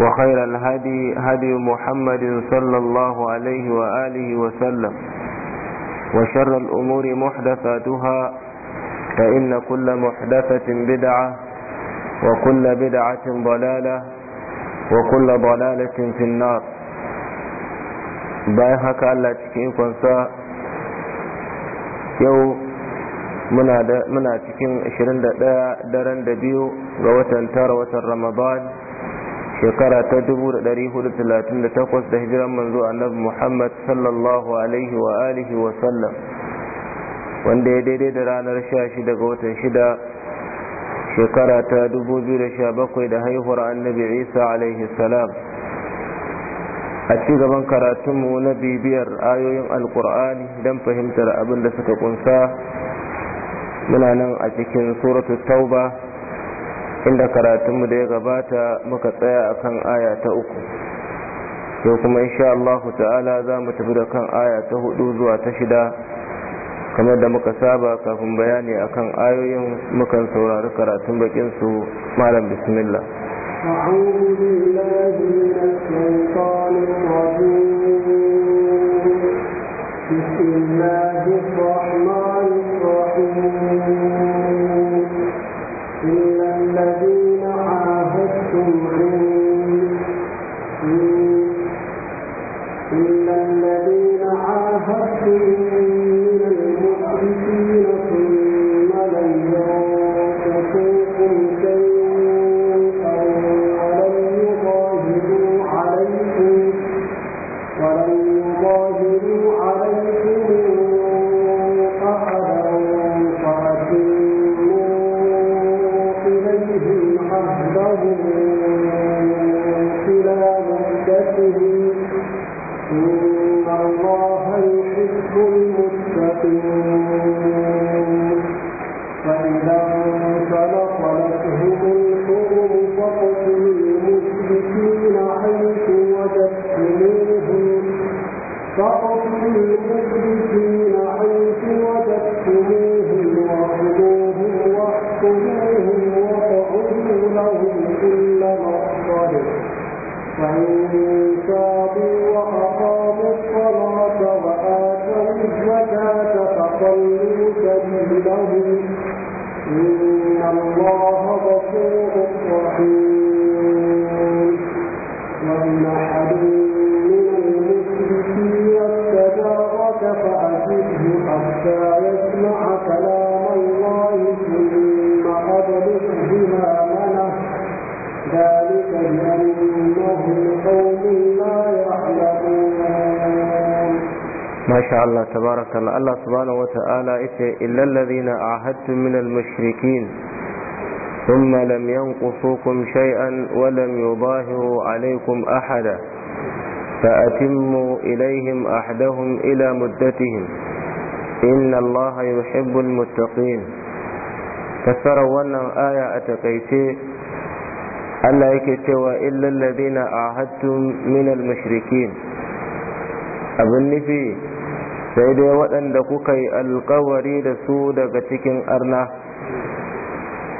وخير الهدي هدي محمد صلى الله عليه وآله وسلم وشر الأمور محدثاتها فإن كل محدثة بدعة وكل بدعة ضلالة وكل ضلالة في النار bayan haka Allah cikin ikonsa yau muna cikin 21 daren da biyu ga watan tara watan ramadan shekara ta 438 da hijiran manzo annabi Muhammad sallallahu alaihi wa alihi wa sallam wanda ya daidai da ranar 16 ga watan 6 shekara ta 2017 da haihuwar annabi Isa alaihi salam a ci gaban karatunmu na bibiyar ayoyin alkur'ani don fahimtar abin da suka kunsa muna nan a cikin suratu tauba inda karatunmu da ya gabata muka tsaya akan aya ta uku yau kuma insha Allah ta'ala za mu tafi da kan aya ta hudu zuwa ta shida kamar da muka saba kafin bayani akan ayoyin mukan saurari karatun bakin su malam bismillah بسم الله الرحمن الرحيم إلا الذين عاهدتم ما شاء الله تبارك الله الله سبحانه وتعالى إتي إلا الذين أعهدتم من المشركين ثم لم ينقصوكم شيئا ولم يظاهروا عليكم أحدا فأتموا إليهم أحدهم إلى مدتهم إن الله يحب المتقين فسروا آية aya a ألا Allah yake cewa illal ladina ahadtum minal sai dai waɗanda kuka yi alkawari da su daga cikin arna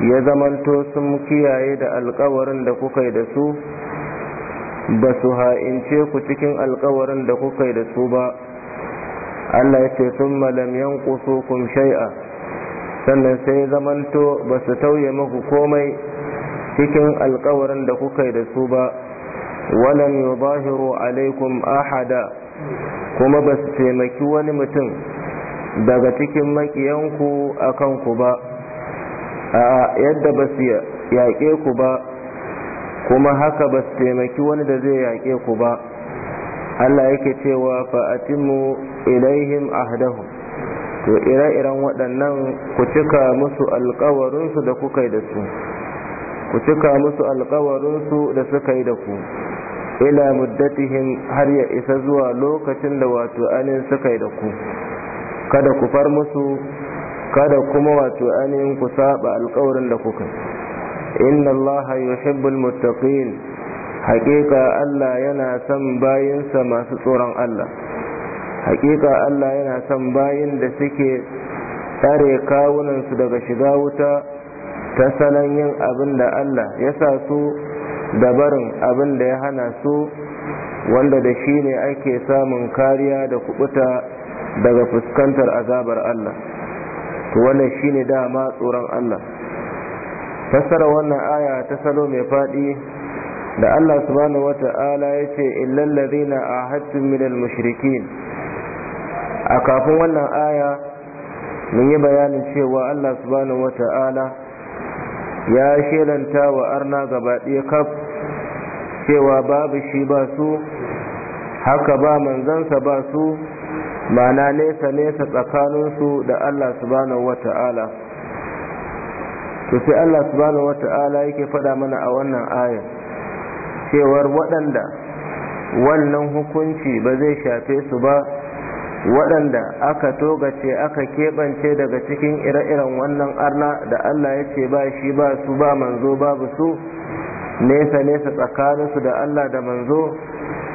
ya zamanto sun kiyaye da alkawarin da kuka yi da su ba su ha'ince ku cikin alkawarin da kuka yi da su ba allah ya ce sun ƙusu kun shai'a sannan sai zamanto ba su tauye muku komai cikin alkawarin da kuka yi da su ba walam yubahiru alaikum ahada kuma ba su taimaki wani mutum daga cikin makiyanku a kanku ba a yadda ba su yaƙe ku ba kuma haka ba su taimaki wani da zai yaƙe ku ba allah yake cewa fa'atimu ilaihim ahdahu to ire-iren waɗannan ku cika musu alkawarinsu da kuka yi da su ku cika musu alkawarinsu da suka yi da ku ila muddatihin har ya isa zuwa lokacin da wato anin suka yi da ku kada ku far musu kada kuma wato anin ku saba alkawarin da kuka inna allaha yuhibbul muttaqin haƙiƙa allah yana son sa masu tsoron allah haƙiƙa allah yana son bayin da suke tsare kawunansu daga shiga wuta ta salon yin abin da allah ya sa su dabarin abin da ya hana su wanda da shi ne ake samun kariya da kubuta daga fuskantar azabar Allah to wannan shi ne dama tsoron Allah fassara wannan aya ta salo mai faɗi da Allah subhanahu wata'ala ya ce illal ladhina ahadtum minal mushrikin a kafin wannan aya mun yi bayanin cewa Allah subhanahu wata'ala ya shelanta wa arna gaba ɗaya kaf cewa babu shi ba su haka ba manzansa ba su mana nesa nesa tsakaninsu da Allah subhanahu wata'ala to sai Allah subhanahu wata'ala yake faɗa mana a wannan ayar cewar waɗanda wannan hukunci ba zai shafe su ba waɗanda aka togace aka keɓance daga cikin ire-iren wannan arna da Allah ya ce ba shi ba su ba manzo babu su nesa nesa tsakaninsu da Allah da manzo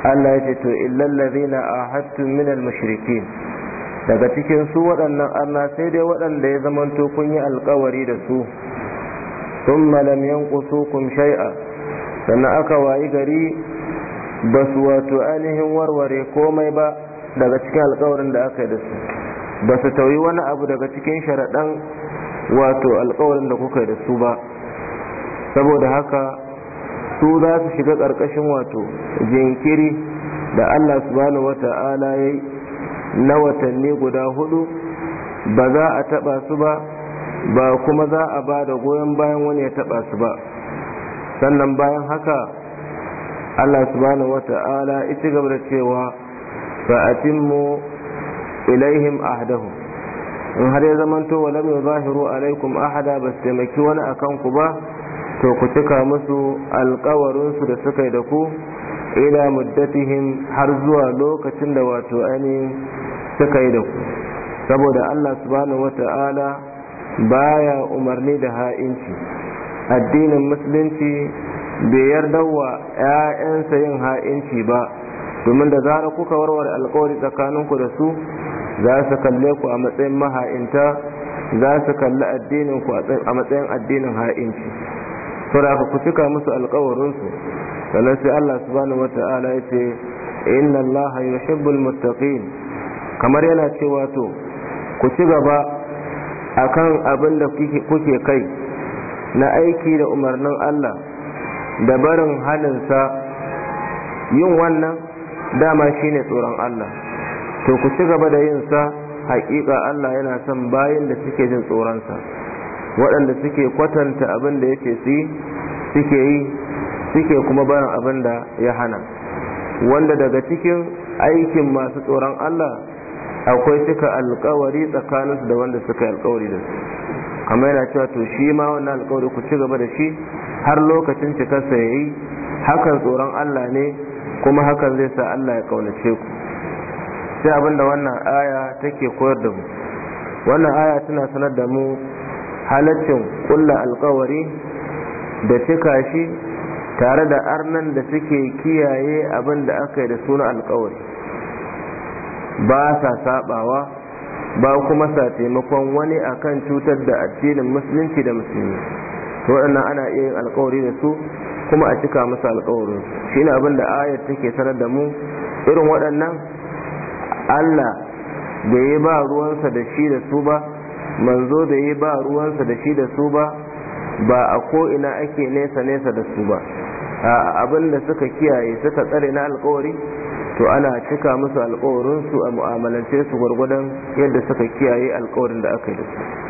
Allah ya ce to na a hattun minal mashirki daga cikin su waɗannan arna sai dai waɗanda ya zamanto kun yi alkawari da su thumma lam yanqusukum shai'a, sannan aka wayi gari ba su wato ainihin warware komai ba daga cikin alkawarin da aka yi da su ba su tauyi wani abu daga cikin sharaɗan wato alkawarin da kuka yi da su ba saboda haka su za su shiga ƙarƙashin wato jinkiri da allah subhanahu wata'ala ya yi na watanni guda hudu ba za a taɓa su ba ba kuma za a ba da goyon bayan wani ya taɓa su ba sannan bayan haka allah subhanahu wata'ala ya ci gaba da cewa fa atimmu ilaihim ahdahu in har ya zamanto wa lam yuzahiru alaikum ahada bas taimaki wani akan ku ba to ku cika musu alkawarin su da suka da ku ila muddatihim har zuwa lokacin da wato ainihin suka yi da ku saboda Allah subhanahu wata'ala baya umarni da ha'inci addinin musulunci bai yarda wa 'ya'yansa yin ha'inci ba domin da zara kuka warware alkawari tsakaninku da su za su kalle ku a matsayin maha'inta za su kalli addinin a matsayin addinin ha'inci saboda ku cika musu alkawarinsu sannan sai Allah subhanahu wata'ala ya ce inna Allah yuhibbul muttaqin kamar yana cewa to ku ci gaba akan abin da kuke kai na aiki da umarnin Allah da barin halinsa yin wannan dama shine tsoron Allah to ku ci gaba da yin sa haƙiƙa Allah yana son bayan da suke jin tsoronsa waɗanda suke kwatanta abin da yake su suke yi suke kuma barin abin da ya hana wanda daga cikin aikin masu tsoron Allah akwai cika alkawari tsakaninsu da wanda suka yi alkawari da su amma yana cewa to shi ma wannan alkawari ku ci gaba da shi har lokacin cikarsa ya yi hakan tsoron Allah ne kuma hakan zai sa Allah ya kaunace ku sai abinda wannan aya take koyar da mu wannan aya tana sanar da mu halaccin kulla alkawari da cika shi tare da arnan da suke kiyaye abin da aka yi da suna alkawari ba sa sabawa ba kuma sa taimakon wani akan cutar da addinin musulunci da musulmi to waɗannan ana iya yin alkawari da su kuma a cika musu alkawarin ne abin da ayar take sanar da mu irin waɗannan Allah da ya ba ruwansa da shi da su ba manzo da ya ba ruwansa da shi da su ba ba a ko'ina ake nesa nesa da su ba a abin da suka kiyaye suka tsare na alkawari to ana cika musu alkawarinsu a mu'amalance su gwargwadon yadda suka kiyaye alkawarin da aka yi da su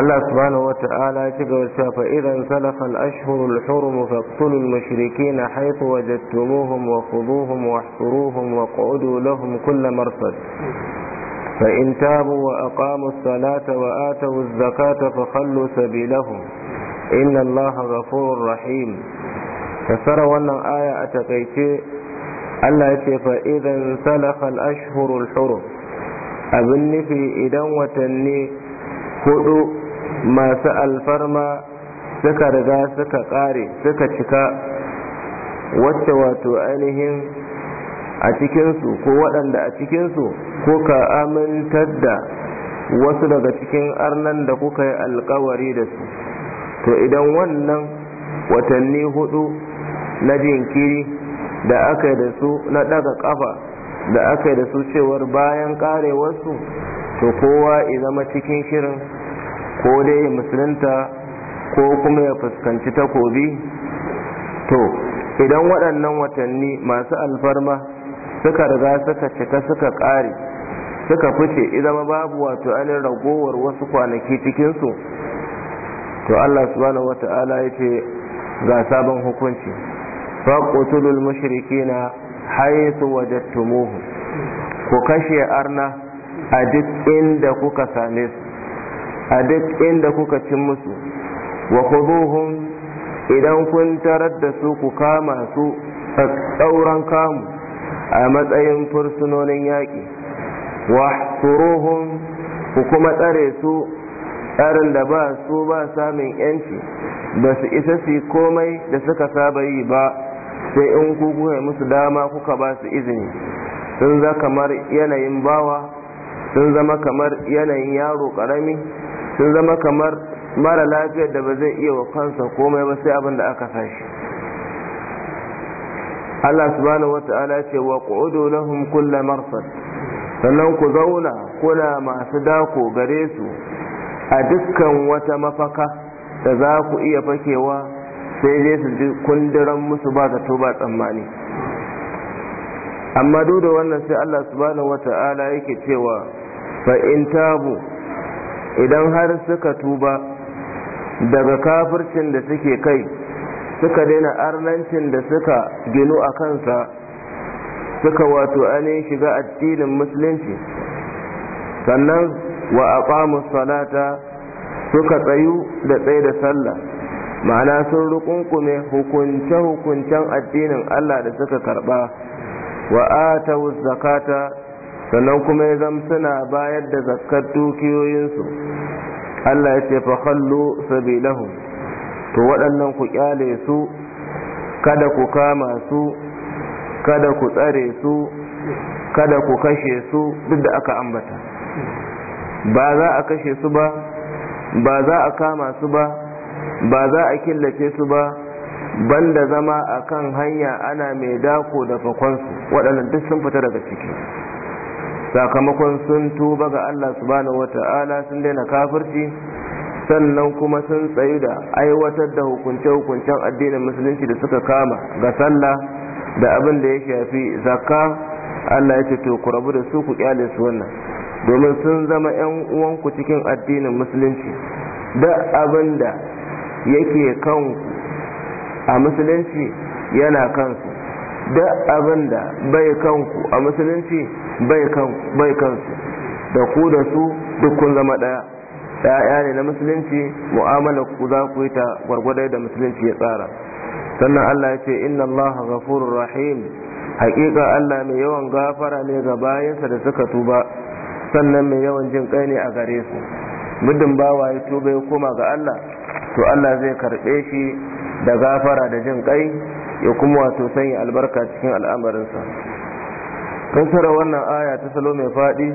الله سبحانه وتعالى يتقول فإذا انسلخ الأشهر الحرم فاقتلوا المشركين حيث وجدتموهم وخذوهم واحصروهم واقعدوا لهم كل مرصد فإن تابوا وأقاموا الصلاة وآتوا الزكاة فخلوا سبيلهم إن الله غفور رحيم فسر wannan آية a الله Allah إذا انسلخ الأشهر الحرم salakal في إذا وتني masu alfarma suka riga suka kare suka cika wacce wato ainihin a cikinsu ko waɗanda a cikinsu ko ka amintar da wasu daga cikin arnan da kuka yi alkawari da su to idan wannan watanni hudu na jinkiri da aka yi da su na daga kafa da aka yi da su cewar bayan karewarsu to kowa zama cikin shirin ko dai ya musulunta ko kuma ya fuskanci takobi to idan waɗannan watanni masu alfarma suka riga suka cika suka ƙare suka fice idan babu wato anin ragowar wasu kwanaki cikinsu to Allah subhanahu wata'ala ya ce ga sabon hukunci faƙutulul su haisu wajadtumuhu ku kashe arna a duk inda kuka same su a duk inda kuka cin musu wa idan kun tarar da su ku kama su a tsauran kamu a matsayin fursunonin yaƙi wa suruhum ku kuma tsare su tsarin da ba su ba samun yanci ba su isa su komai da suka saba yi ba sai in ku guhe musu dama kuka ba su izini sun za kamar yanayin bawa sun zama kamar yanayin yaro ƙarami sun zama kamar mara lafiyar da ba zai iya wa kansa komai ba sai abin da aka sashi Allah subhanahu wata'ala ce wa na lahum kulla marsad sannan ku zauna kuna masu dako gare su a dukkan wata mafaka da za ku iya fakewa sai dai su ji kundiran musu ba zato ba tsammani amma duk da wannan sai Allah subhanahu wata'ala yake cewa fa in tabu idan har suka tuba daga kafircin da suke kai suka daina arnancin da suka ginu a kansa suka wato ainihin shiga addinin musulunci sannan wa aqamu salata suka tsayu da tsaye da sallah ma'ana sun rukunkume hukunce-hukuncen addinin Allah da suka karba wa atawu zakata sannan kuma ya zama suna bayar da zakkar dukiyoyinsu Allah ya ce fakhallu sabilahu to waɗannan ku kyale su kada ku kama su kada ku tsare su kada ku kashe su duk da aka ambata ba za a kashe su ba ba za a kama su ba ba za a killace su ba banda zama a kan hanya ana mai dako da fakonsu waɗannan duk sun fita daga ciki sakamakon sun tuba ga Allah subhanahu wata'ala sun daina kafirci sannan kuma sun tsayu da aiwatar da hukunce-hukuncen addinin musulunci da suka kama ga sallah da abin da ya shafi zakka Allah ya ce to ku rabu da su ku kyale su wannan domin sun zama 'yan uwanku cikin addinin musulunci da abin da yake ku a musulunci yana kansu da abin da bai kanku a musulunci bai kansu da ku da su duk kun zama ɗaya ɗaya ne na musulunci mu'amala ku za ku yi ta gwargwadar da musulunci ya tsara sannan Allah ya ce inna Allah ghafurur rahim haƙiƙa Allah mai yawan gafara ne ga bayansa da suka tuba sannan mai yawan jin kai ne a gare su muddin bawa ya tuba ya koma ga Allah to Allah zai karɓe shi da gafara da jin kai ya kuma wato sanya albarka cikin al'amarinsa fassara wannan aya ta salo mai faɗi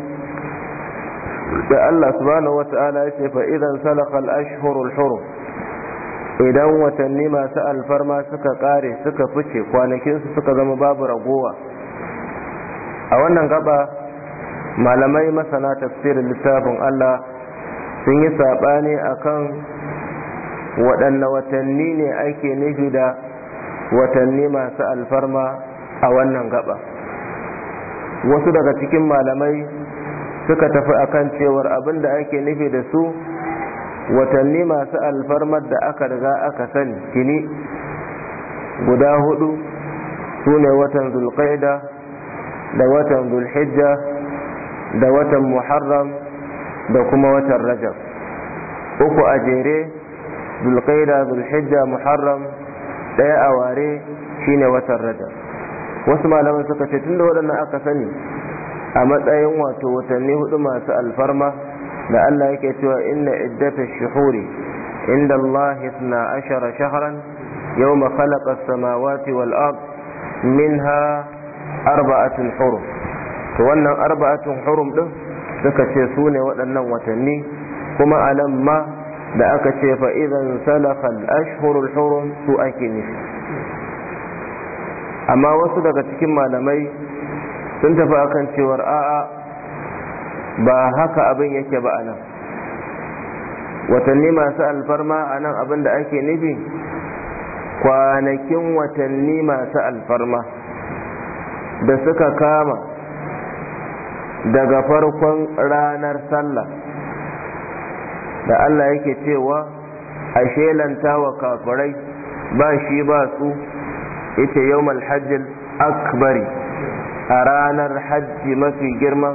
da Allah subhanahu wata'ala ya ce fa idan salaka al-ashhurul hurum idan watanni masu alfarma suka kare suka fice kwanakin su suka zama babu ragowa a wannan gaba malamai masana tafsirin littafin Allah sun yi saɓani akan waɗanne watanni ne ake nufi da watanni masu alfarma a wannan gaba wasu daga cikin malamai suka tafi akan cewar abin da ake nufi da su watanni masu alfarmar da aka riga aka sani kini guda hudu su ne watan zulqaida da watan zulhijja da watan muharram da kuma watan rajab uku a jere zulqaida zulhijja muharram daya a ware shine watan rajab wasu malamai suka ce tunda waɗannan aka sani a matsayin wato watanni hudu masu alfarma da Allah yake cewa inna iddata shuhuri inda Allah na ashara shahran yau khalaqa as-samawati wal ard minha arba'atun hurum to wannan arba'atun hurum din suka ce su ne waɗannan watanni kuma alamma da aka ce fa idan salakal ashhurul hurum su ake nufi amma wasu daga cikin malamai sun tafi akan cewar a'a ba haka abin yake ba anan watanni masu alfarma a nan abin da ake nufi kwanakin watanni masu alfarma da suka kama daga farkon ranar sallah da Allah yake cewa a shelanta wa kafirai ba shi ba su yace yawmal hajjil akbari a ranar hajji mafi girma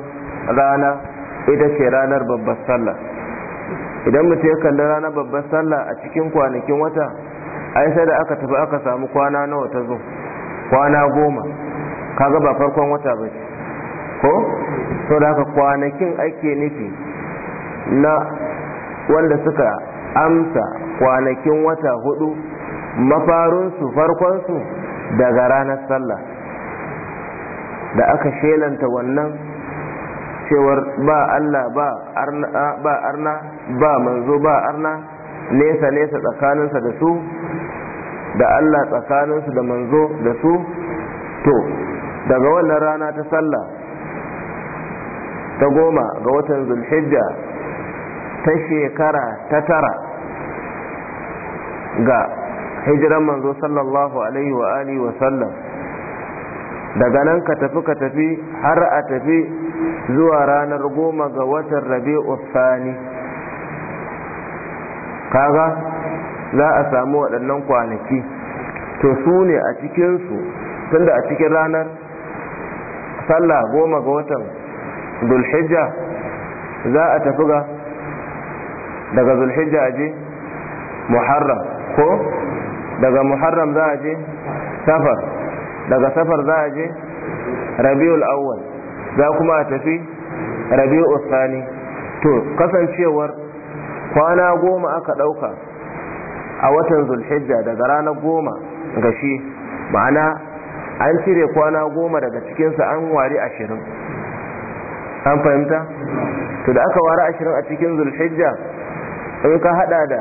rana ita ce ranar babbar sallah idan mutum ya kalli ranar babbar sallah a cikin kwanakin wata ai sai da aka tafi aka samu kwana nawa ta zo kwana goma kaga ba farkon wata ba ce ko sau da haka kwanakin ake nufi na wanda suka amsa kwanakin wata hudu mafarinsu farkonsu daga ranar sallah da aka shelanta wannan cewar ba Allah ba arna ba manzo ba arna nesa nesa tsakaninsa da su da Allah tsakaninsu da manzo da su to daga wannan rana ta sallah ta goma ga watan zulhijja ta shekara ta tara ga hijiran manzo sallallahu alaihi wa alihi wa sallam daga nan ka tafi ka tafi har a tafi zuwa ranar goma ga watan rabi'u sani kaga za a samu waɗannan kwanaki to su ne a cikinsu tunda a cikin ranar sallah goma ga watan zulhijja za a tafi ga daga zulhijja aje muharram ko daga muharram za a je safar daga safar za a je rabiul awwal za kuma a tafi rabiul thani to kasancewar kwana goma aka ɗauka a watan zulhijja daga ranar goma ga shi ma'ana an cire kwana goma daga cikinsa an wari ashirin an fahimta to da aka wari ashirin a cikin zulhijja in ka hada da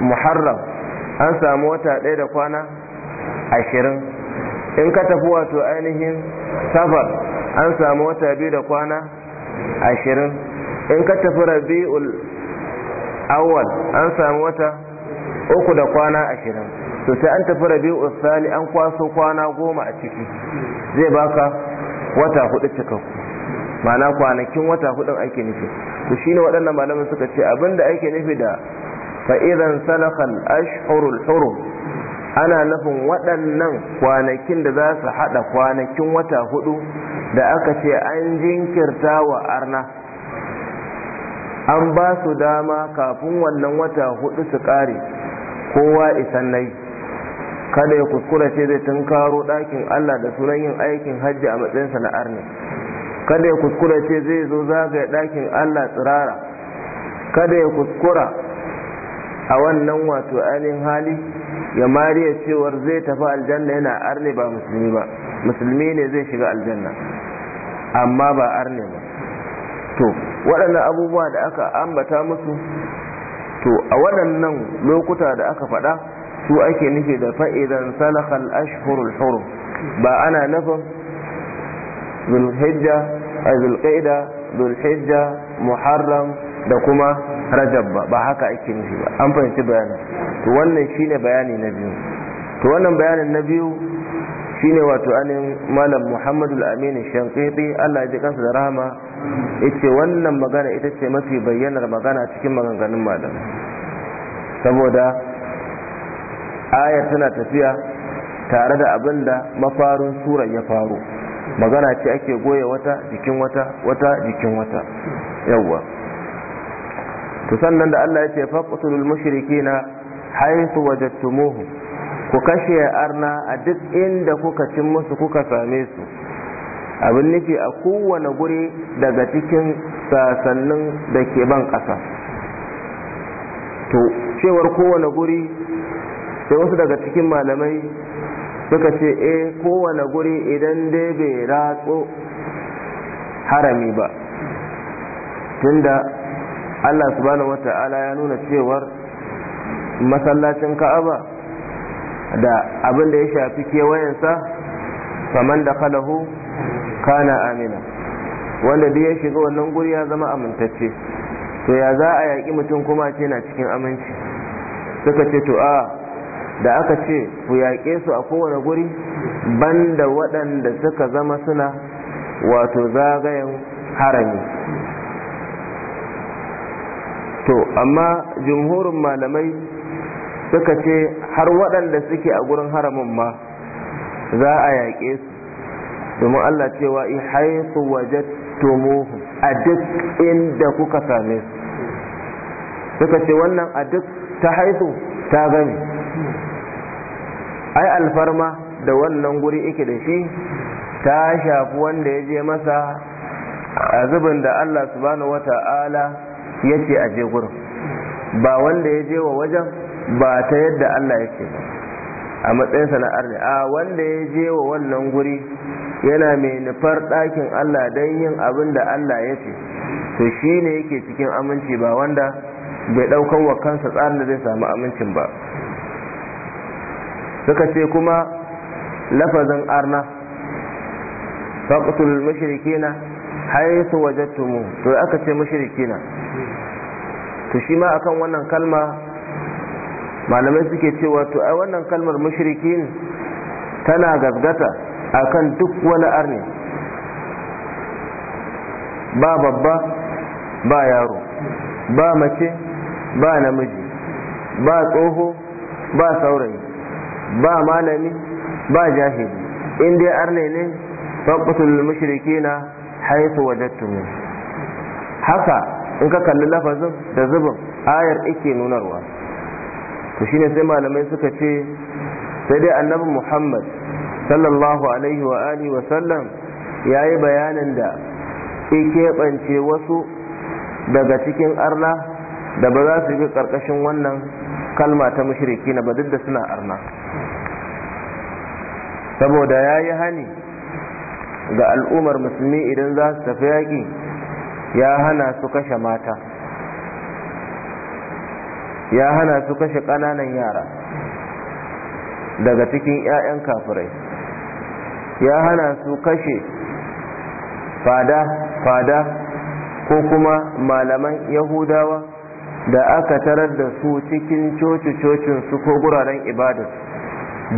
muharram an samu wata ɗaya da kwana ashirin in ka tafi wato ainihin safar an samu wata biyu da kwana ashirin in ka tafi rabi'ul awwal an samu wata uku da kwana ashirin to sai an tafi rabi'ul sani an kwaso kwana goma a ciki zai baka wata hudu cikakku ma'ana kwanakin wata hudun ake nufi to shine waɗannan malamin suka ce abinda ake nufi da fa'idan salakal ashhurul hurum ana nufin waɗannan kwanakin da za su haɗa kwanakin wata hudu da aka ce an jinkirta wa arna an ba su dama kafin wannan wata hudu su kare, kowa isan nai kada ya kuskura ce zai tunkaro ɗakin allah da sunan yin aikin hajji a matsayinsa na arne kada ya kuskura ce zai zo zagaya ɗakin allah tsirara kada ya kuskura a wannan wato ainihin hali ya mariya cewar zai tafi aljanna yana arne ba musulmi ba musulmi ne zai shiga aljanna amma ba arne ba to waɗannan abubuwa da aka ambata musu to a waɗannan lokuta da aka faɗa su ake nufi da fa'idan salakal ashhurul hurum ba ana nufin zulhijja a zulƙaida zulhijja muharram da kuma rajab ba ba haka ake nufi ba an fahimci bayanin to wannan shine bayani na biyu to wannan bayanin na biyu shine wato anin malam muhammadul aminu shanqiti allah ya ji kansa da rahama yace wannan magana ita ce mafi bayyanar magana cikin maganganun malam saboda ayar tana tafiya tare da abin da mafarin surar ya faru magana ce ake goya wata jikin wata wata jikin wata yawwa to sannan da Allah ya ce faqtulul mushrikina haythu wajadtumuhum ku kashe arna a duk inda kuka cin musu kuka same su abin nufi a kowane guri daga cikin sasannin da ke ban ƙasa to cewar kowane guri sai wasu daga cikin malamai suka ce e kowane guri idan dai bai ratso harami ba tunda Allah subhanahu wata'ala ya nuna cewar masallacin ka'aba da abin da ya shafi kewayensa faman da kalahu kana amina wanda duk ya shiga wannan guri ya zama amintacce to ya za a yaƙi mutum kuma ce na cikin aminci suka ce to a da aka ce ku yaƙe su a kowane guri banda waɗanda suka zama suna wato zagayen harami to amma jumhurin malamai suka ce har waɗanda suke a gurin haramin ma za a yaƙe su domin Allah cewa i waje wajadtumuhu a duk inda kuka same su suka ce wannan a duk ta haifu ta gani ai alfarma da wannan guri ike da shi ta shafi wanda ya je masa a zubin da Allah subhanahu ta'ala ya ce a je gurin ba wanda ya je wa wajen ba ta yadda Allah ya ce ba a matsayin sana'ar ne a wanda ya je wa wannan guri yana mai nufar ɗakin Allah don yin abin da Allah ya ce to shi ne yake cikin aminci ba wanda bai ɗaukan wa kansa tsarin da zai samu amincin ba suka ce kuma lafazin arna faƙutul mashirikina haisu tumu to aka ce mashirikina to shi ma akan wannan kalma malamai suke cewa to ai wannan kalmar mushrikin tana gasgata akan duk wani arni ba babba ba yaro ba mace ba namiji ba tsoho ba saurayi ba malami ba jahili in dai arne ne babbatul mushrikina haifu wajattu haka in ka kalli lafazin da zubin ayar ake nunarwa to shine sai malamai suka ce sai dai annabi muhammad sallallahu alaihi wa alihi wa sallam ya yi bayanin da ke keɓance wasu daga cikin arna da ba za su bi ƙarƙashin wannan kalma ta mushriki na ba duk da suna arna saboda ya yi hani ga al'ummar musulmi idan za su tafi yaƙi ya hana su kashe mata ya hana su kashe ƙananan yara daga cikin 'ya'yan kafirai ya hana su kashe fada-fada ko kuma malaman yahudawa da aka tarar da su cikin coci-cocin su ko guraren ibadar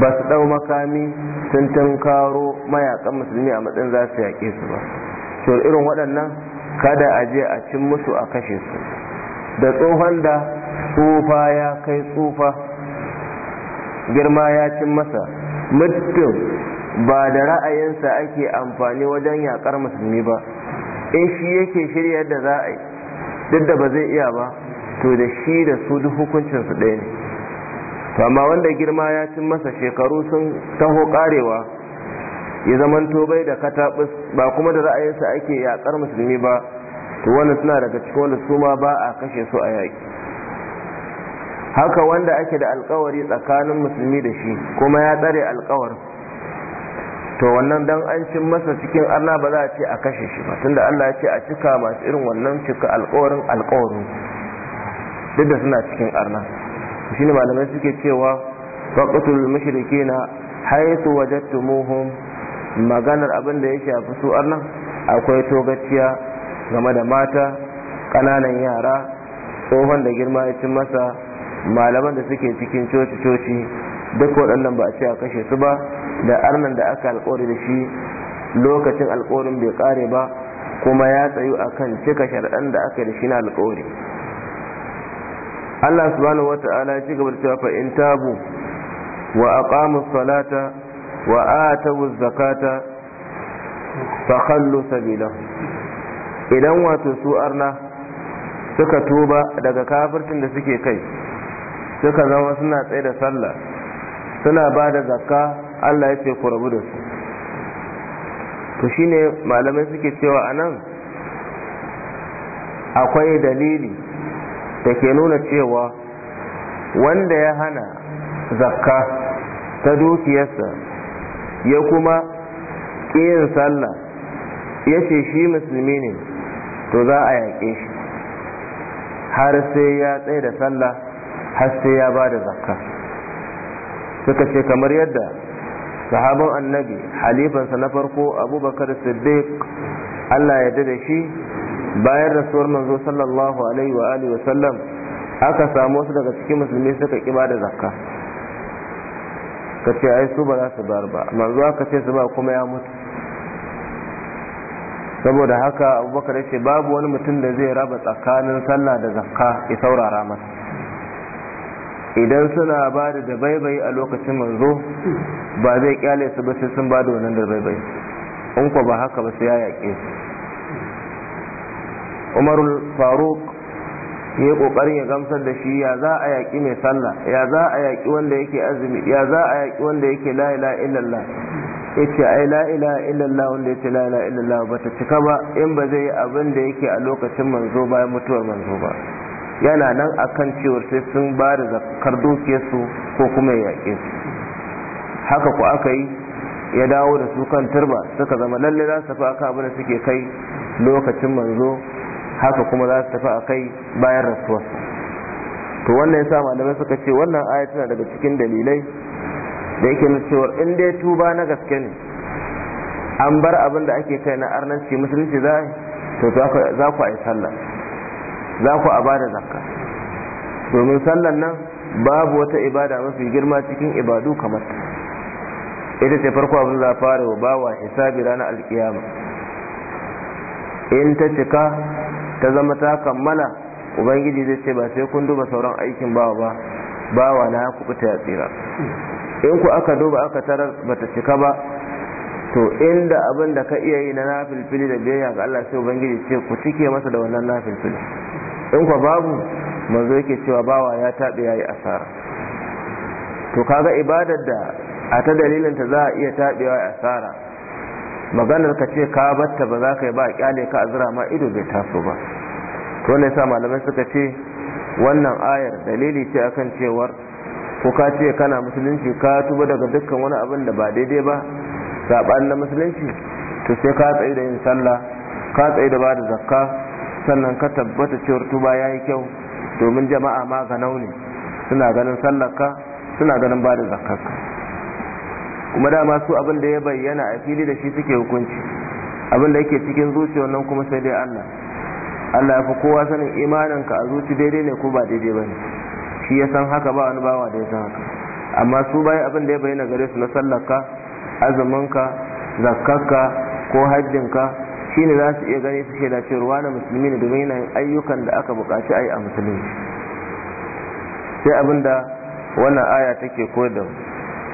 ba su ɗau makami sun tunkaro mayakan musulmi a matsayin za su yaƙe su ba to irin waɗannan kada a je a cin musu a kashe su da tsohon da tsufa ya kai tsufa girma ya cin masa mutum ba da ra'ayinsa ake amfani wajen yakar musulmi ba in shi yake shirya da za a yi duk da ba zai iya ba to da shi da su duk hukuncinsu ɗaya ne to amma wanda girma ya cin masa shekaru sun taho karewa ya zamanto bai da katabus ba kuma da ra'ayinsa ake yakar musulmi ba to wannan suna daga cikin wanda su ma ba a kashe su a yaƙi haka wanda ake da alkawari tsakanin musulmi da shi kuma ya tsare alkawar to wannan dan an cin masa cikin arna ba za a ce a kashe shi ba tunda Allah ya ce a cika masu irin wannan cika alkawarin alkawarin duk da suna cikin arna shine malamai suke cewa na mushrikeena haythu wajadtumuhum maganar abin da ya shafi su nan akwai togaciya game da mata ƙananan yara tsohon da girma ya cin masa malaman da suke cikin coci-coci duk waɗannan ba a ce a kashe su ba da arnan da aka alƙawari da shi lokacin alƙawarin bai kare ba kuma ya tsayu a kan cika sharaɗan da aka da shi na alƙawari Allah subhanahu ta'ala ya ci gaba da cewa fa in tabu wa aqamu salata وآتوا الزكاة فخلوا سبيلهم idan wato su arna suka tuba daga kafircin da suke kai suka zama suna tsaye da sallah suna ba da zakka allah ya ce ku rabu da su to shine malamai suke cewa a nan akwai dalili da ke nuna cewa wanda ya hana zakka ta dukiyarsa ya kuma ƙiyin sallah ya ce shi musulmi ne to za a yaƙe shi har sai ya tsaye da sallah har sai ya ba da zakka suka ce kamar yadda sahabon annabi halifansa na farko abubakar siddiq allah ya da shi bayan rasuwar manzo sallallahu alaihi wa alihi aka samu wasu daga cikin musulmi suka ƙi ba da zakka ka ce ai su ba za su bar ba manzo ka ce su ba kuma ya mutu saboda haka abubakar ya ce babu wani mutum da zai raba tsakanin sallah da zakka ya saurara masa idan suna ba da dabaibai a lokacin manzo ba zai kyale su ba sai sun ba da wannan dabaibai in ko ba haka ba sai ya yaƙe su umarul faruk ya kokarin ya gamsar da shi ya za a yaƙi mai sallah ya za a yaƙi wanda yake azumi ya za a yaƙi wanda yake la ilaha illallah yace ai la ilaha illallah wanda yace la ilaha illallah bata cika ba in ba zai yi abin da yake a lokacin manzo bayan mutuwar manzo ba yana nan akan cewar sai sun ba da zakar su ko kuma ya yaƙe su haka ku aka yi ya dawo da su kan turba suka zama lalle za su fi aka abin da suke kai lokacin manzo haka kuma za su tafi a kai bayan rasuwa to wannan yasa malamai suka ce wannan aya tana daga cikin dalilai da yake nuna cewa in dai tuba na gaske ne an bar abin da ake kai na arnanci musulunci za to za ku a yi sallah za ku a bada zakka domin sallan nan babu wata ibada mafi girma cikin ibadu kamar ta ita ce farko abin za fara wa bawa hisabi ranar alkiyama in ta cika ta zama ta kammala ubangiji zai ce ba sai kun duba sauran aikin bawa ba bawa na kuɓuta ya tsira in ku aka duba aka tarar ba ta cika ba to inda abin da ka iya yi na nafilfili da biyayya ga Allah sai ubangiji ce ku cike masa da wannan nafilfili in ku babu manzo yake cewa bawa ya tabe yayi asara to kaga ibadar da a ta dalilin ta za a iya taɓewa asara maganar ka ce ka batta ba za ka yi ba a kyale ka a zira ma ido bai taso ba to ne sa malamai suka ce wannan ayar dalili ce akan cewar ko ka ce kana musulunci ka tuba daga dukkan wani abin da ba daidai ba saɓan na musulunci to sai ka tsaye da yin sallah ka tsaye da ba da zakka sannan ka tabbata cewar tuba ya yi kyau domin jama'a ma ga nauni suna ganin sallar ka suna ganin ba da zakkarka kuma dama su abin da ya bayyana a fili da shi suke hukunci abin da yake cikin zuciya wannan kuma sai dai Allah Allah ya fi kowa sanin imanin ka a zuci daidai ne ko ba daidai bane shi ya san haka ba wani bawa da ya san haka amma su bayan abin da ya bayyana gare su na sallarka azuminka zakkarka ko hajjinka shine za su iya gani su shaida cewa na musulmi ne domin yana ayyukan da aka buƙaci a yi a musulunci sai abinda wannan aya take koyar da mu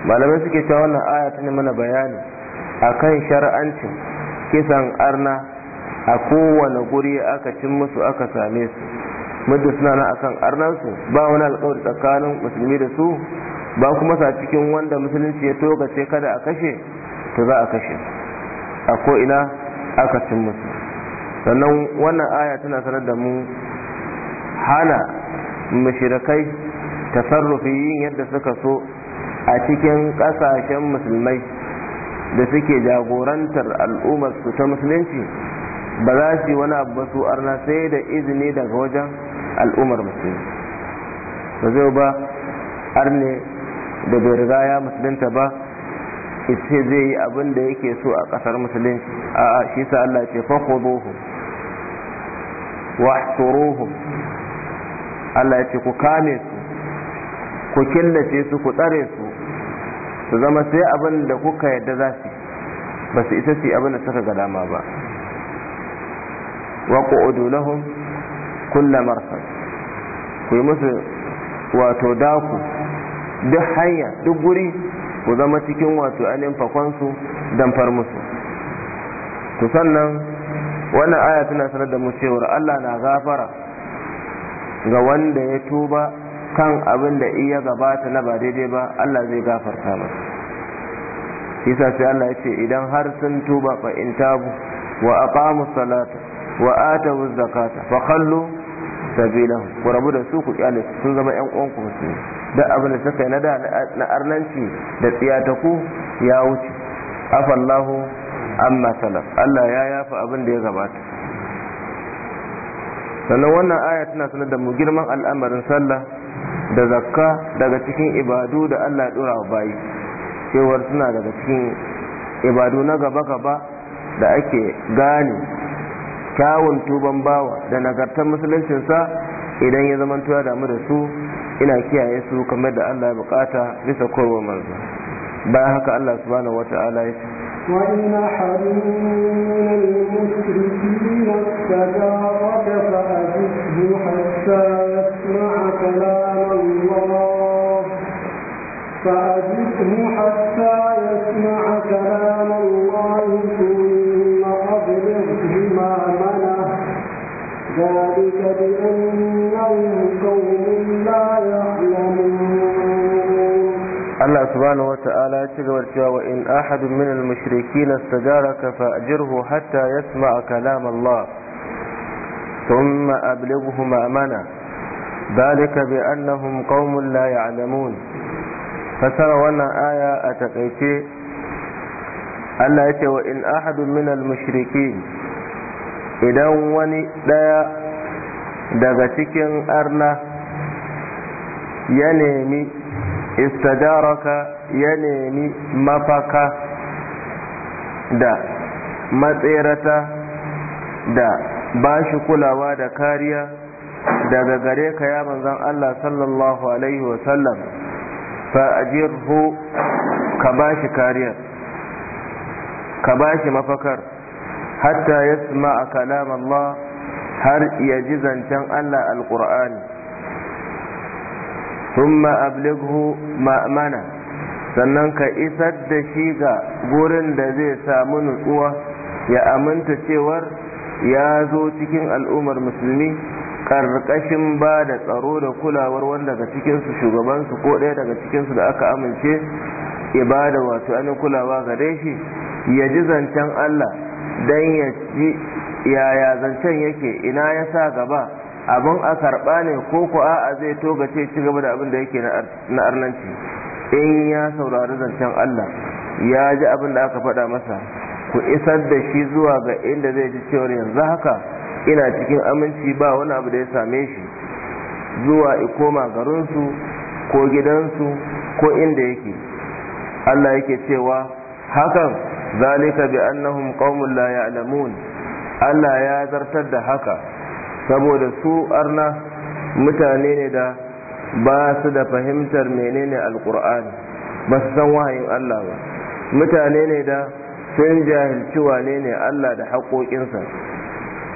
malamai suke cewa wannan aya ta mana bayani akan shara'ancin kisan arna a kowane guri aka cin musu aka same su muddin suna na akan arnansu ba wani alkawari tsakanin musulmi da su ba kuma sa cikin wanda musulunci ya togace kada a kashe to za a kashe a ko ina aka cin musu sannan wannan aya tana sanar da mu hana mashirakai tasarrufi yin yadda suka so a cikin ƙasashen musulmai da suke jagorantar su ta musulunci ba za su yi wani abu su arna sai da izini daga wajen al'ummar musulmi ba zai ba arne da bai riga ya musulunta ba ita zai yi abin da yake so a ƙasar musulunci a shi sa Allah ce fakhuduhu wahsuruhu Allah ya ce ku kame su ku killace su ku tsare su su zama sai abin da kuka yadda za su ba su isa su abin da suka ga dama ba wa qu'udu lahum kulla marsad ku yi musu wato daku duk hanya duk guri ku zama cikin wato ainihin fakonsu don far musu to sannan wannan aya tana sanar da mu cewar Allah na gafara ga wanda ya tuba kan abin da iya gabata na ba daidai ba Allah zai gafarta ba. yasa sai Allah ya ce idan har sun tuba fa in tabu wa aqamu salata wa atu zakata fa khallu sabila ku rabu da su ku kyale sun zama yan uwan ku Da duk abin da suka na da na arnanci da ku ya wuce afallahu amma salaf Allah ya yafa abin da ya gabata sannan wannan aya tana sanar da mu girman al'amarin sallah da zakka daga cikin ibadu da Allah dora wa bayi cewar suna daga cikin ibadu na gaba gaba da ake gane kyawun tuban bawa da nagartar musuluncinsa idan ya zama tuwa damu da su ina kiyaye su kamar da Allah ya bukata bisa korwa manzo bayan haka Allah subhanahu wata'ala ya ce وإن أحد من المشركين استجارك فأجده حتى يسمع كلام الله فأجده حتى يسمع كلام الله ثم أبلغه مأمنه ذلك بأنهم قوم لا يعلمون Allah subhanahu wa ta'ala ya ci gaba cewa wa in ahadun min al-mushrikeen istajaraka fa ajirhu hatta yasma'a kalam Allah thumma ablighu ma'mana dalika bi annahum qaumun la ya'lamun fasara wannan aya a takaice Allah ya ce wa in ahadun min al-mushrikeen idan wani daya daga cikin arna ya nemi istadaraka ya nemi mafaka da matserata da ba shi kulawa da kariya daga gare ka ya manzan Allah sallallahu Alaihi wasallam fa'ajirhu ka ba shi ka ba shi mafakar hatta ya suma a kalam Allah har ya ji zancen Allah al-Qur'ani thumma ablighu ma'mana sannan ka isar da shi ga gurin da zai samu nutsuwa ya aminta cewar ya zo cikin al'ummar musulmi karkashin ba da tsaro da kulawar wanda daga cikinsu shugabansu ko ɗaya daga cikinsu da aka amince ibada wato an kulawa gare shi ya ji zancen Allah dan ya ji yaya zancen yake ina ya sa gaba abin a karɓa ne ko ko a'a zai toga ce ci gaba da abin da yake na arnanci in ya saurari zancen Allah ya ji abin da aka faɗa masa ku isar da shi zuwa ga inda zai ji cewar yanzu haka ina cikin aminci ba wani abu da ya same shi zuwa ikoma garinsu ko gidansu ko inda yake Allah yake cewa hakan zalika bi annahum qaumun la ya'lamun Allah ya zartar da haka saboda su arna mutane ne da ba su da fahimtar menene alkur'ani ba su san wahayin Allah ba mutane ne da sun jahilci wane ne Allah da haƙoƙinsa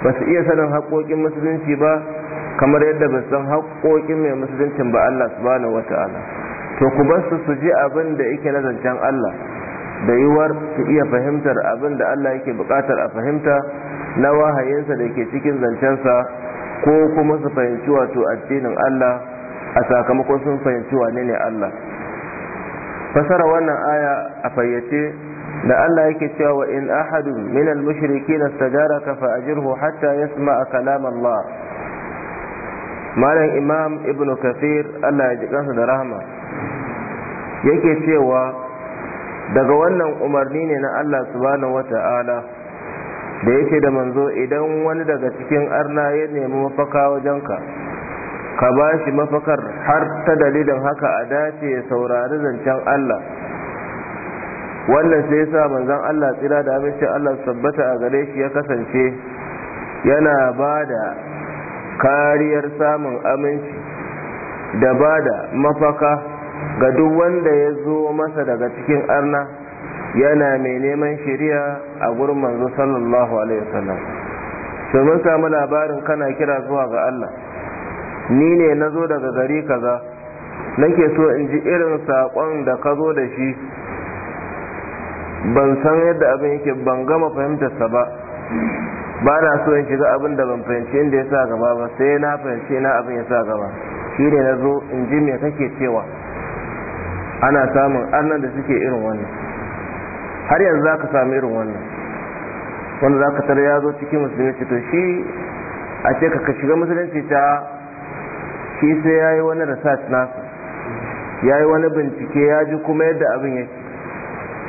ba su iya sanin haƙoƙin musulunci ba kamar yadda ba su san haƙoƙin mai musuluncin ba Allah subhanahu wata'ala to ku bar su su ji abin da yake na zancen Allah da yiwuwar su iya fahimtar abin da Allah yake buƙatar a fahimta na wahayinsa da ke cikin zancensa ko kuma su fahimci wato addinin Allah a sakamakon sun fahimci wane ne Allah fasara wannan aya a fayyace da Allah yake cewa wa in ahadu min al-mushrikin istajaraka fa ajirhu hatta yasma'a kalam Allah malam imam ibnu kafir Allah ya ji kansa da rahama yake cewa daga wannan umarni ne na Allah subhanahu wata'ala da yake da manzo idan wani daga cikin arna ya nemi mafaka wajen ka ba shi mafakar har ta dalilin haka a dace ya saurari zancen Allah wannan sai yasa manzon Allah tsira da abinci Allah sabbata a gare shi ya kasance yana ba da kariyar samun aminci da ba da mafaka ga duk wanda ya zo masa daga cikin arna yana mai neman shari'a a gurin manzo sallallahu alaihi wasallam to mun samu labarin kana kira zuwa ga Allah ni ne na daga gari kaza nake so in ji irin saƙon da ka zo da shi ban san yadda abin yake ban gama sa ba ba na so in shiga abin da ban fahimci inda ya sa gaba ba sai na fahimci na abin ya sa gaba shi ne na in ji me kake cewa ana samun annan da suke irin wannan har yanzu za ka sami irin wannan wanda za ka tara ya zo cikin musulmi to shi a ce ka shiga musulunci ta shi sai ya yi wani research su. ya yi wani bincike ya ji kuma yadda abin yake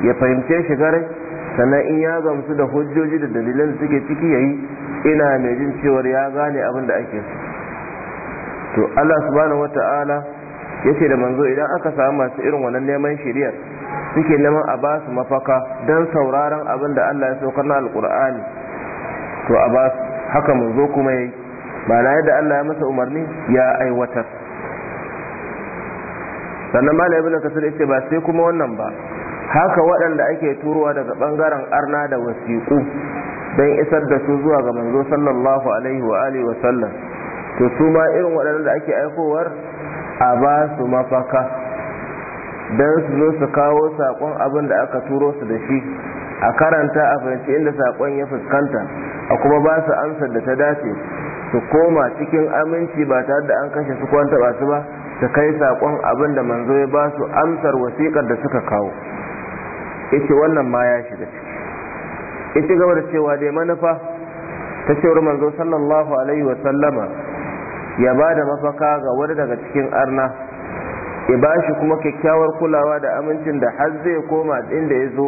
ya fahimce shi sannan in ya gamsu da hujjoji da dalilan da suke ciki ya yi ina mai jin cewar ya gane abin da ake so to allah subhanahu wata'ala ya ce da manzo idan aka samu masu irin wannan neman shiriyar suke neman a ba su mafaka don sauraron abin da Allah ya saukar na alkur'ani to a ba su haka mun zo kuma yi. Ba na yadda Allah ya masa umarni ya aiwatar sannan mala ibn kasir yace ba sai kuma wannan ba haka waɗanda ake turowa daga ɓangaren arna da wasiƙu don isar da su zuwa ga manzo sallallahu alaihi wa alihi wa sallam to su ma irin waɗanda ake aikowar a ba su mafaka don su zo su kawo saƙon abin da aka turo su da shi a karanta a fahimci inda saƙon ya fuskanta a kuma ba su amsar da ta dace su koma cikin aminci ba tare da an kashe su kwanta ba su ba su kai saƙon abin da manzo ya ba su amsar wasiƙar da suka kawo ita wannan ma ya shiga ciki ita gaba da cewa dai manufa ta cewar manzo sallallahu alaihi wa sallama ya ba da mafaka ga wani daga cikin arna ya ba shi kuma kyakkyawar kulawa da amincin da har zai koma inda ya zo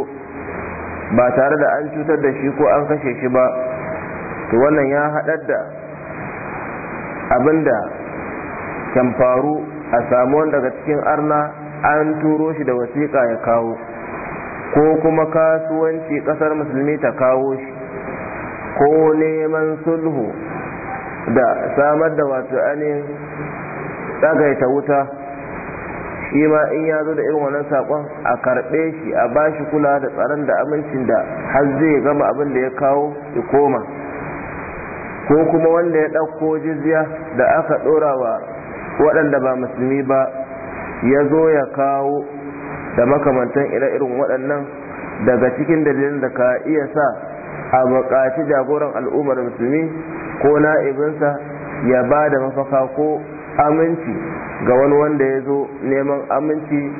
ba tare da an cutar da shi ko an kashe shi ba to wannan ya haɗar da abinda kan faru a samu wanda daga cikin arna an turo shi da wasiƙa ya kawo ko kuma kasuwanci ƙasar musulmi ta kawo shi ko neman sulhu da samar da wato ainihin tsagaita wuta shi ma in ya zo da irin wannan sakon a karɓe shi a ba shi kula da tsaron da amincin da har zai gama abin da ya kawo ya koma ko kuma wanda ya ɗauko jizya da aka ɗora wa waɗanda ba musulmi ba ya zo ya kawo da makamantan ire-irin waɗannan daga cikin dalilin da ka iya sa a buƙaci jagoran al'ummar musulmi ko na'ibinsa ya ba da mafaka ko aminci ga wani wanda ya zo neman aminci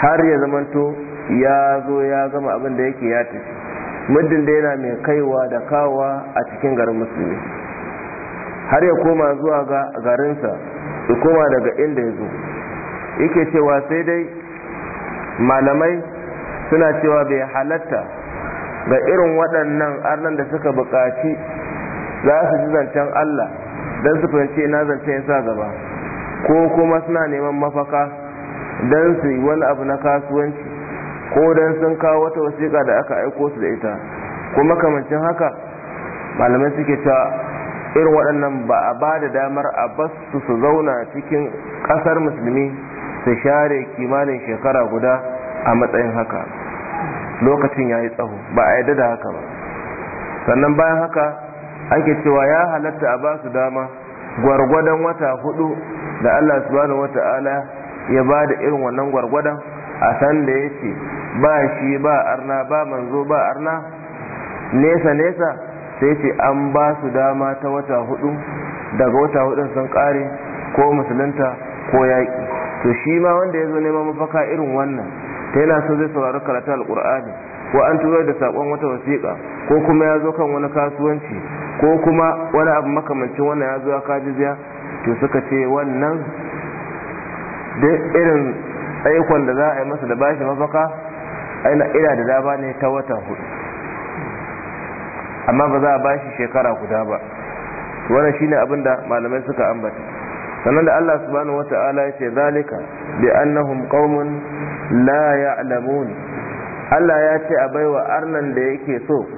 har ya zamanto ya zo ya gama abin da yake ya tafi muddin da yana mai kaiwa da kawa a cikin garin musulmi har ya koma zuwa ga garinsa ya koma daga inda ya zo yake cewa sai dai malamai suna cewa bai halatta ga irin waɗannan arnan da suka buƙaci za su ji zancen allah don su fahimci na zancen ya sa gaba ko kuma suna neman mafaka don su yi wani abu na kasuwanci ko don sun kawo wata wasiƙa da aka aiko su da ita ko makamancin haka malamai suke cewa irin waɗannan ba a ba da damar a su su zauna cikin ƙasar musulmi su share kimanin shekara guda a matsayin haka lokacin ya yi tsaho ba a yadda da haka ba sannan bayan haka ake cewa ya halatta a ba su dama gwargwadon wata hudu da Allah subhanahu wata'ala ya ba da irin wannan gwargwadon a san da ya ba shi ba arna ba manzo ba arna nesa nesa sai ce an ba su dama ta wata hudu daga wata hudun sun kare ko musulunta ko yaƙi to shi ma wanda ya zo neman mafaka irin wannan ta yana so zai saurari karatu alƙur'ani ko an turo da saƙon wata wasiƙa ko kuma ya zo kan wani kasuwanci ko kuma wani abu makamancin wannan ya zuwa ya kaji biya to suka ce wannan duk irin tsaikon da za a yi masa da bashi mafaka ina da dama ne ta watan hudu amma ba za a bashi shekara guda ba wannan shine abin da malamai suka ambata sannan da Allah subhanahu wata'ala ya ce zalika bi annahum qaumun la ya'lamun Allah ya ce a baiwa arnan da yake so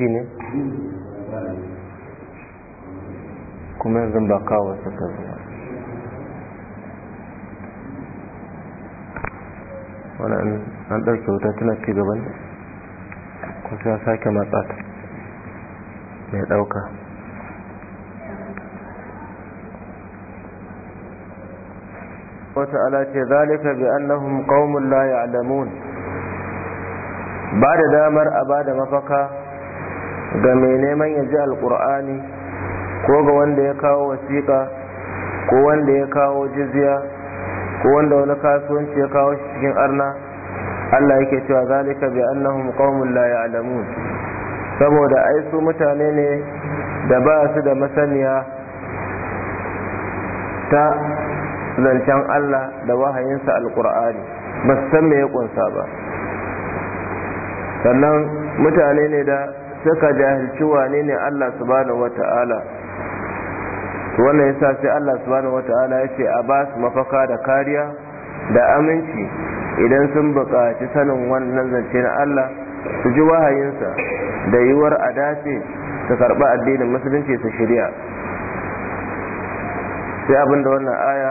ji ne kuma yanzu ba kawo suka zuwa wani an ɗarke wuta tana ci gaban ko a sake matsata mai ɗauka wata alace zalika bi annahum qaumun la ya'lamun ba da damar a ba da mafaka ga mai neman ya ji alkur'ani ko ga wanda ya kawo wasiƙa ko wanda ya kawo jizya ko wanda wani kasuwanci ya kawo shi cikin arna Allah yake cewa zalika bi annahum qaumun la ya'lamun saboda ai su mutane ne da ba su da masaniya ta zancen Allah da wahayinsa alkur'ani ba su san me ya kunsa ba sannan mutane ne da suka jahilci wane ne Allah subhanahu wata'ala wannan yasa sai Allah subhanahu wata'ala ya ce a ba su mafaka da kariya da aminci idan sun buƙaci sanin wannan zance na Allah su ji wahayinsa da yiwuwar a dace su karɓi addinin musulunci su shirya sai abin da wannan aya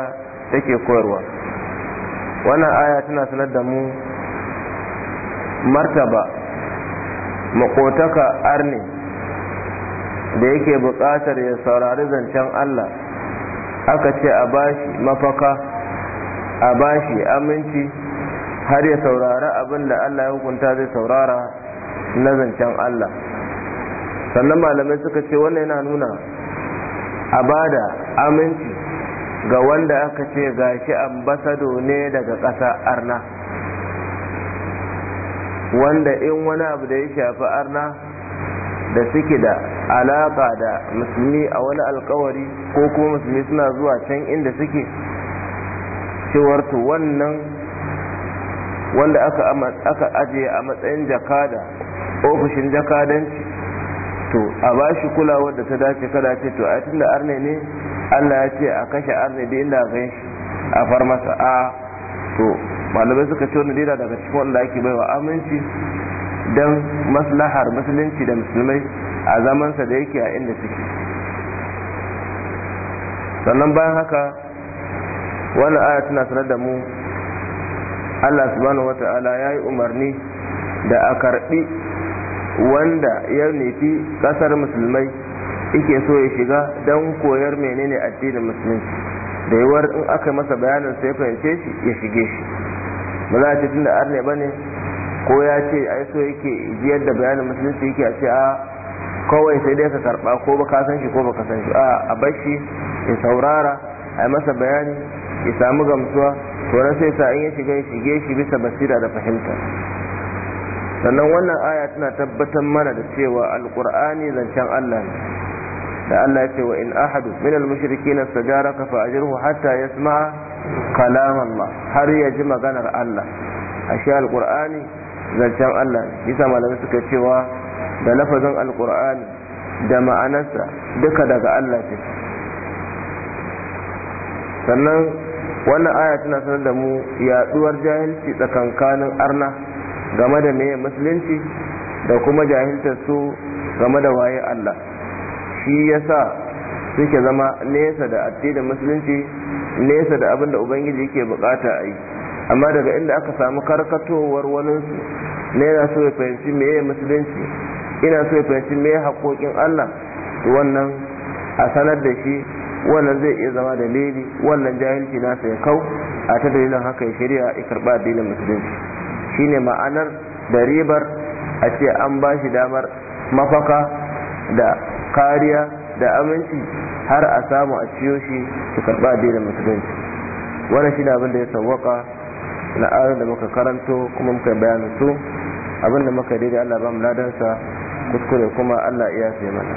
take koyarwa wannan aya tana sanar da mu martaba makotaka arne da yake buƙatar ya saurari zancen Allah aka ce a bashi mafaka a bashi aminci har ya saurari abin da Allah ya hukunta zai saurara na zancen Allah sannan malamai suka ce wannan yana nuna a bada aminci ga wanda aka ce gashi ambasado ne daga ƙasa arna wanda in wani abu da ya shafi arna da suke da alaka da musulmi a wani alkawari ko kuma musulmi suna zuwa can inda suke cewarta wannan wanda aka ajiye a matsayin jakada ofishin jakadanci to a ba shi kulawar da ta dace kada ce to a tunda arne ne allah ya ce a kashe arne da inda gan shi a farmasa a to malamai suka ce wani daidai daga cikin wanda ake baiwa aminci don maslahar musulunci da musulmai a zamansa da yake a inda suke sannan bayan haka wani aya tana sanar da mu allah subhanahu ta'ala ya yi umarni da a karbi wanda ya nufi kasar musulmai ike so ya shiga don koyar menene addinin musulunci da yiwuwar in aka masa bayanin sai fahimce shi ya shige shi ba a ce tun da arne ba ne ko ya ce ai so yake ji yadda bayanin musulunci yake a ce a kawai sai dai ka karba ko ba ka san shi ko ba ka san shi a a bar shi ya saurara a yi masa bayani ya samu gamsuwa to sai sa in ya shiga ya shige shi bisa basira da fahimta sannan wannan aya tana tabbatar mana da cewa alkur'ani zancen Allah ne da Allah ya ce wa in ahadu min al-mushrikeena sajara ka fa'ajiruhu hatta yasma'a kalam Allah har ya ji maganar Allah ashe al-Qur'ani zancen Allah bisa malamai suka cewa da lafazin al-Qur'ani da ma'anarsa duka daga Allah ce sannan wannan aya tana sanar da mu yaduwar jahilci tsakankanin arna game da meye musulunci da kuma jahiltar su game da waye Allah shi sa suke zama nesa da addinin musulunci nesa da abin da ubangiji yake bukata a yi amma daga inda aka samu karkatowar waninsu na yana so ya fahimci meye musulunci ina so ya fahimci meye haƙoƙin allah wannan a sanar da shi wannan zai iya zama dalili wannan jahilci nasa ya kau a ta dalilin haka ya shirya ya karɓa addinin musulunci shine ma'anar da ribar a ce an ba shi damar mafaka da kariya da aminci har a samu a ciyo shi su karɓa addinin musulunci wannan shi ne abin da ya sawwaka na ayoyin da muka karanto kuma muka bayanin su abin da muka daidai Allah ba mu kuskure kuma Allah iya sai mana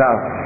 na'am